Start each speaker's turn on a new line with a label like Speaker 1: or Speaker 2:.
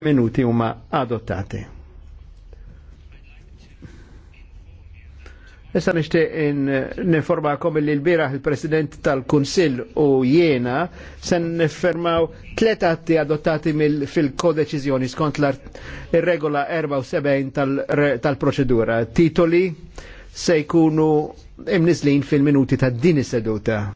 Speaker 1: minuti huma adottati.
Speaker 2: Issa nixtieq ninformakom li l-bieraħ il-President tal-Kunsill u jiena se niffermaw tliet atti adottati fil-kodeċiżjoni skont l-regola 74 tal-proċedura. Titoli se jkunu imnislin fil-minuti ta' din is-seduta.